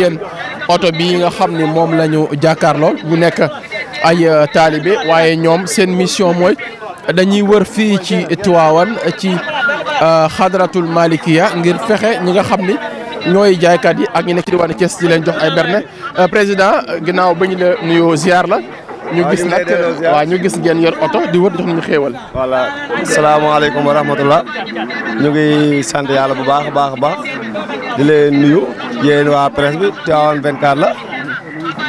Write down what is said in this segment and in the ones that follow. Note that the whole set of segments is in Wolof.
ngeen oto bi nga xam ni moom la ñu jàkkaarlool mu nekk ay euh, taalibe waaye ñoom seen mission mooy dañuy wër fii ci Tiwaawan ci euh, xadratul malikiya ngir fexe ñi nga xam ni ñooy jaaykat yi ak ñi nekk ci leen jox ay berne euh, président ginnaaw ba ñu la nuyoo ziar la ñu gis nag waaw ñu gis ngeen yor oto di wër jox ñu xéewal voilà salaamaaleykum wa ñu ngi sant yàlla bu baax a baax a baax di leen nuyu yéen waa presse bi Tivaouane 24 la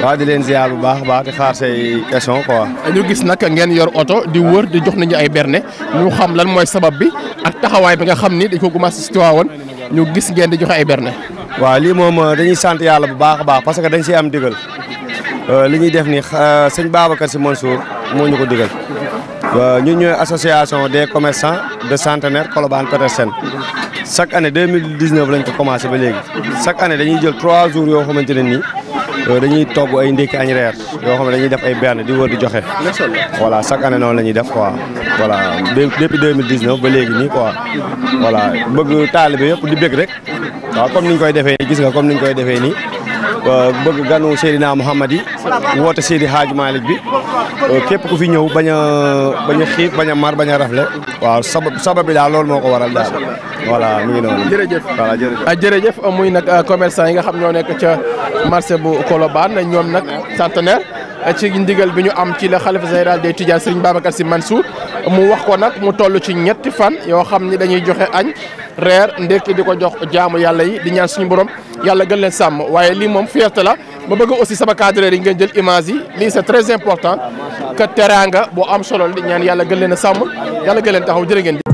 waaw di leen ziar bu baax a baax di xaar say question quoi. ñu gis nag ngeen yor oto di wër di jox nañu ay berne ñu xam lan mooy sabab bi ak taxawaay bi nga xam ni dañ ko commencé si Tivaouane ñu gis ngeen di joxe ay berne. waaw lii moom euh, dañuy sant yàlla bu baax a baax parce que dañ siy am digal euh, li ñuy def ni euh, sëñ Babacar Sy Mansour moo ñu ko digal Euh, ñun ñooy association des commerçants de centenaire Colobane Petersen chaque année 2019 lañ ko commencé ba léegi chaque année dañuy jël trois jours yoo xamante ne nii euh, dañuy togg ay ndékki añ reer yoo xam ne dañuy def ay benn di wër di joxe. voilà chaque année noonu la ñuy def quoi voilà depuis 2019 ba léegi nii quoi voilà bëgg taalibe yëpp di bëgg rek waaw comme niñ koy defee gis nga comme niñ koy defee nii. Euh, bëgg ganu Seydina Mouhamad yi woote Seydi Hadj Malick bi euh, képp ku fi ñëw bañ a bañ a xiif bañ a mar bañ a rafle waaw sabab sabab bi daal loolu moo ko waral daal voilà mi ngi noonu. jërëjëf voilà jërëjëf. Ah, jërëjëf muy nag euh, commerçant yi nga xam ñoo nekk ca marché bu Colobane ñoom nag centenaire. ci ndigal bi ñu am ci la se xalifa général des Tidianes Serigne Babacar Sy Mansour mu wax ko nag mu toll ci ñetti fan yoo xam ni dañuy joxe añ reer ndekki di ko jox jaamu yàlla yi di ñaan suñu borom yàlla gën leen sàmm waaye lii moom fierté la ma bëgg aussi sama cadreur yi ngeen jël image yi lii c'est très important que teraanga bu am solo di ñaan yàlla gën leen a sàmm yàlla gën leen taxaw jërë ngeen